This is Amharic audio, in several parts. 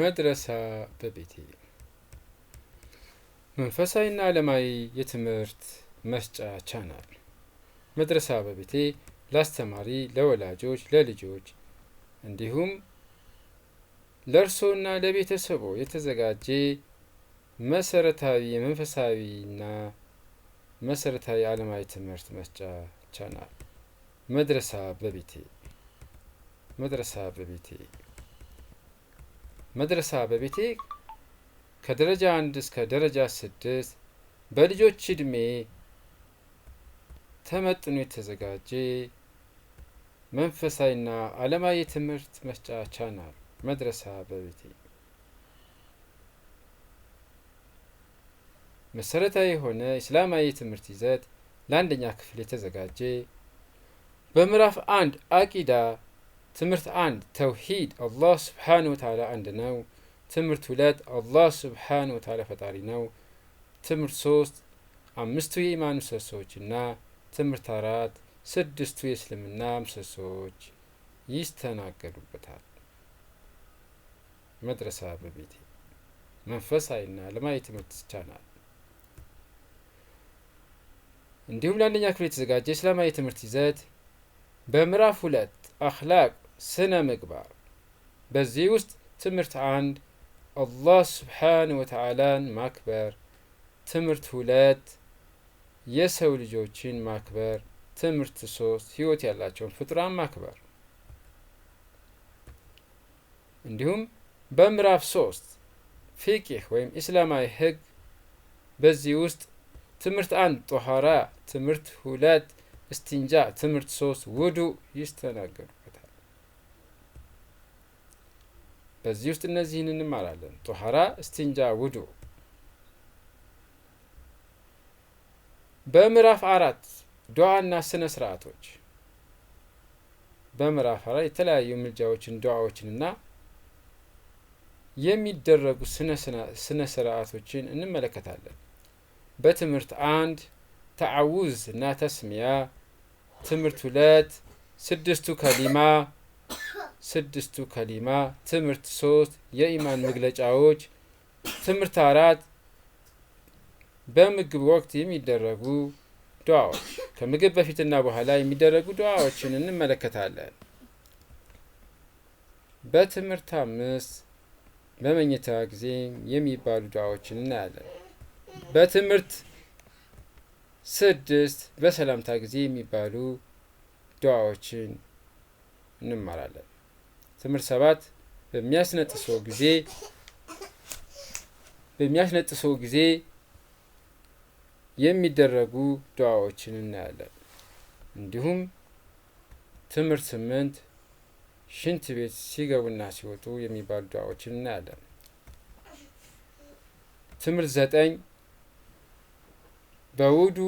መድረሳ በቤቴ መንፈሳዊና ዓለማዊ የትምህርት መስጫ ቻናል መድረሳ በቤቴ ለአስተማሪ፣ ለወላጆች፣ ለልጆች እንዲሁም ለእርሶና ለቤተሰቦ የተዘጋጀ መሰረታዊ የመንፈሳዊና መሰረታዊ ዓለማዊ ትምህርት መስጫ ቻናል መድረሳ በቤቴ መድረሳ በቤቴ መድረሳ በቤቴ ከደረጃ አንድ እስከ ደረጃ ስድስት በልጆች እድሜ ተመጥኖ የተዘጋጀ መንፈሳዊና ዓለማዊ ትምህርት መስጫ ቻናል መድረሳ በቤቴ መሰረታዊ የሆነ እስላማዊ የትምህርት ይዘት ለአንደኛ ክፍል የተዘጋጀ በምዕራፍ አንድ አቂዳ ትምህርት አንድ ተውሂድ አላህ ስብሓን ወተላ አንድ ነው። ትምህርት ሁለት አላህ ስብሓን ወተላ ፈጣሪ ነው። ትምህርት ሶስት አምስቱ የኢማን ምሰሶዎችና ትምህርት አራት ስድስቱ የእስልምና ምሰሶዎች ይስተናገዱበታል። መድረሳ በቤቴ መንፈሳዊና ልማዊ ትምህርት ቻናል እንዲሁም ለአንደኛ ክፍል የተዘጋጀ የስላማዊ ትምህርት ይዘት በምዕራፍ ሁለት አክላቅ ስነ ምግባር በዚህ ውስጥ ትምህርት አንድ አላህ ስብሓን ወተዓላን ማክበር፣ ትምህርት ሁለት የሰው ልጆችን ማክበር፣ ትምህርት ሶስት ህይወት ያላቸውን ፍጡራን ማክበር እንዲሁም በምዕራፍ ሶስት ፊቂህ ወይም ኢስላማዊ ህግ በዚህ ውስጥ ትምህርት አንድ ጦኋራ፣ ትምህርት ሁለት እስትንጃ፣ ትምህርት ሶስት ውዱ ይስተናገዱ። በዚህ ውስጥ እነዚህን እንማራለን። ጦሐራ፣ እስቲንጃ፣ ውዱ። በምዕራፍ አራት ዱዓና ስነ ስርዓቶች በምዕራፍ አራት የተለያዩ ምልጃዎችን ዱዓዎችንና የሚደረጉ ስነ ስርዓቶችን እንመለከታለን። በትምህርት አንድ ተዓውዝ እና ተስሚያ፣ ትምህርት ሁለት ስድስቱ ከሊማ ስድስቱ ከሊማ፣ ትምህርት ሶስት የኢማን መግለጫዎች፣ ትምህርት አራት በምግብ ወቅት የሚደረጉ ዱዓዎች፣ ከምግብ በፊትና በኋላ የሚደረጉ ዱዓዎችን እንመለከታለን። በትምህርት አምስት በመኝታ ጊዜ የሚባሉ ዱዓዎችን እናያለን። በትምህርት ስድስት በሰላምታ ጊዜ የሚባሉ ዱዓዎችን እንማራለን። ትምህርት ሰባት በሚያስነጥሰው ጊዜ በሚያስነጥሰው ጊዜ የሚደረጉ ዱዓዎችን እናያለን። እንዲሁም ትምህርት ስምንት ሽንት ቤት ሲገቡና ሲወጡ የሚባሉ ዱዓዎችን እናያለን። ትምህርት ዘጠኝ በውዱ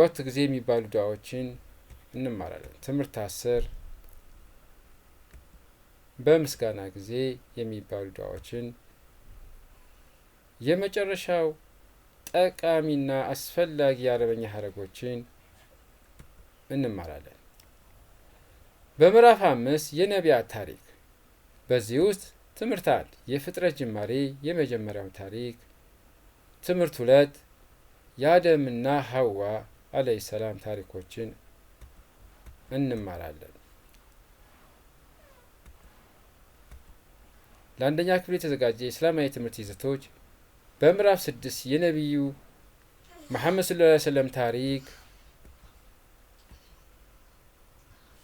ወቅት ጊዜ የሚባሉ ዱዓዎችን እንማራለን። ትምህርት አስር በምስጋና ጊዜ የሚባሉ ዱዓዎችን የመጨረሻው ጠቃሚና አስፈላጊ የአረበኛ ሀረጎችን እንማራለን። በምዕራፍ አምስት የነቢያት ታሪክ። በዚህ ውስጥ ትምህርት አንድ የፍጥረት ጅማሬ የመጀመሪያው ታሪክ፣ ትምህርት ሁለት የአደምና ሀዋ አለይሂ ሰላም ታሪኮችን እንማራለን። ለአንደኛ ክፍል የተዘጋጀ የእስላማዊ ትምህርት ይዘቶች በምዕራፍ ስድስት የነቢዩ መሐመድ ስለ ላ ሰለም ታሪክ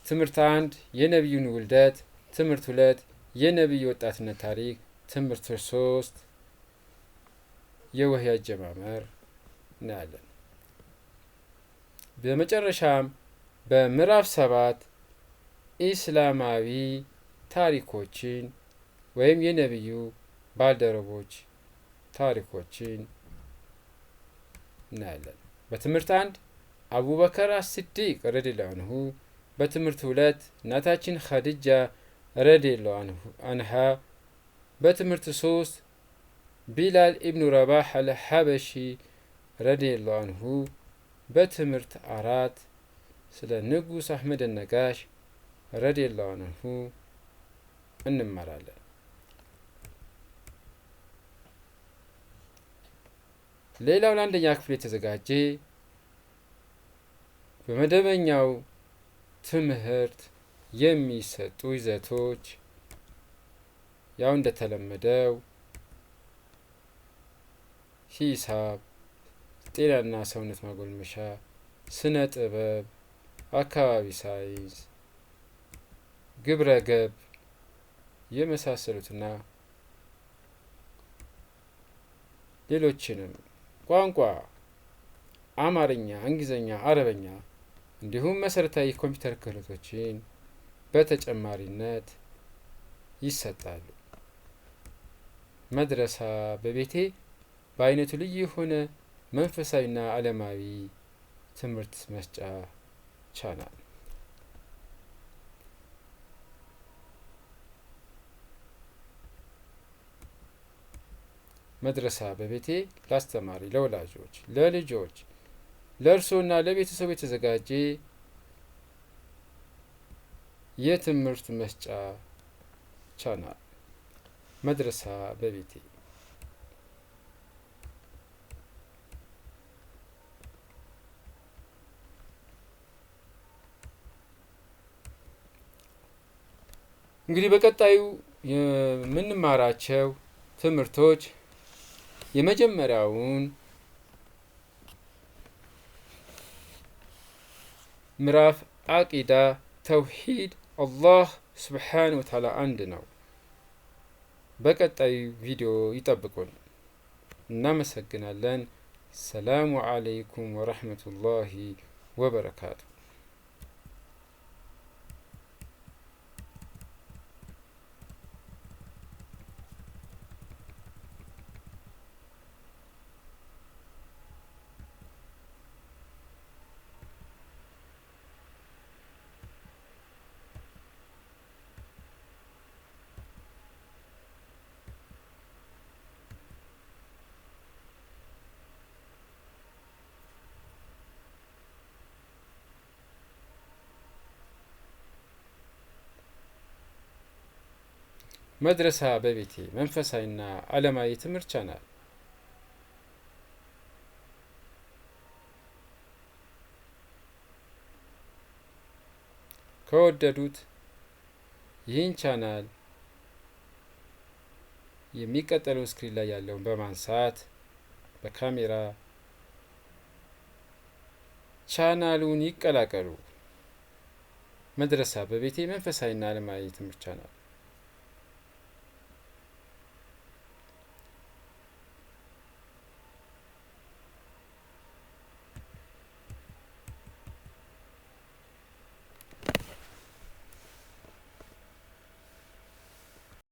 ትምህርት አንድ የነቢዩን ውልደት፣ ትምህርት ሁለት የነቢዩ ወጣትነት ታሪክ፣ ትምህርት ሶስት የወህይ አጀማመር እናያለን። በመጨረሻም በምዕራፍ ሰባት ኢስላማዊ ታሪኮችን ወይም የነቢዩ ባልደረቦች ታሪኮችን እናያለን። በትምህርት አንድ አቡበከር አስዲቅ ረዲላሁ አንሁ፣ በትምህርት ሁለት እናታችን ኸዲጃ ረዲላሁ አንሃ፣ በትምህርት ሶስት ቢላል ኢብኑ ረባህ አልሐበሺ ረዲላሁ አንሁ፣ በትምህርት አራት ስለ ንጉስ አህመድ ነጋሽ ረዲላሁ አንሁ እንማራለን። ሌላው ለአንደኛ ክፍል የተዘጋጀ በመደበኛው ትምህርት የሚሰጡ ይዘቶች ያው እንደተለመደው ሂሳብ፣ ጤናና ሰውነት ማጎልመሻ፣ ስነ ጥበብ፣ አካባቢ ሳይንስ፣ ግብረ ገብ የመሳሰሉትና ሌሎችንም ቋንቋ አማርኛ፣ እንግሊዝኛ፣ አረበኛ እንዲሁም መሰረታዊ የኮምፒውተር ክህሎቶችን በተጨማሪነት ይሰጣሉ። መድረሳ በቤቴ በአይነቱ ልዩ የሆነ መንፈሳዊና ዓለማዊ ትምህርት መስጫ ቻናል መድረሳ በቤቴ ለአስተማሪ፣ ለወላጆች፣ ለልጆች፣ ለእርስዎና ለቤተሰቡ የተዘጋጀ የትምህርት መስጫ ቻናል መድረሳ በቤቴ እንግዲህ በቀጣዩ የምንማራቸው ትምህርቶች የመጀመሪያውን ምዕራፍ አቂዳ ተውሂድ አላህ ስብሓን ወተዓላ አንድ ነው። በቀጣዩ ቪዲዮ ይጠብቁን። እናመሰግናለን። ሰላሙ አለይኩም ወረሕመቱላሂ ወበረካቱ። መድረሳ በቤቴ መንፈሳዊና ዓለማዊ ትምህርት ቻናል ከወደዱት ይህን ቻናል የሚቀጠለው ስክሪን ላይ ያለውን በማንሳት በካሜራ ቻናሉን ይቀላቀሉ። መድረሳ በቤቴ መንፈሳዊና ዓለማዊ ትምህርት ቻናል